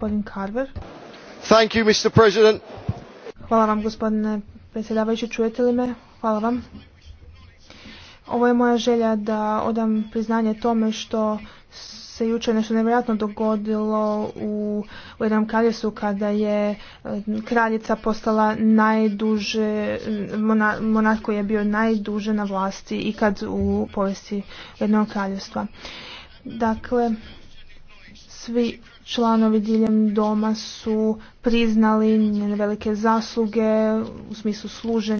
Thank you, Mr. President. Hvala vam gospodine predsjedavajući, čujete li me? Hvala vam. Ovo je moja želja da odam priznanje tome što se jučer nešto nevjerojatno dogodilo u jednom kraljevstvu kada je eh, kraljica postala najduže, monarh koji je bio najduže na vlasti ikad u povijesti jednog kraljevstva. Dakle, svi članovi diljem doma su priznali njene velike zasluge u smislu služenja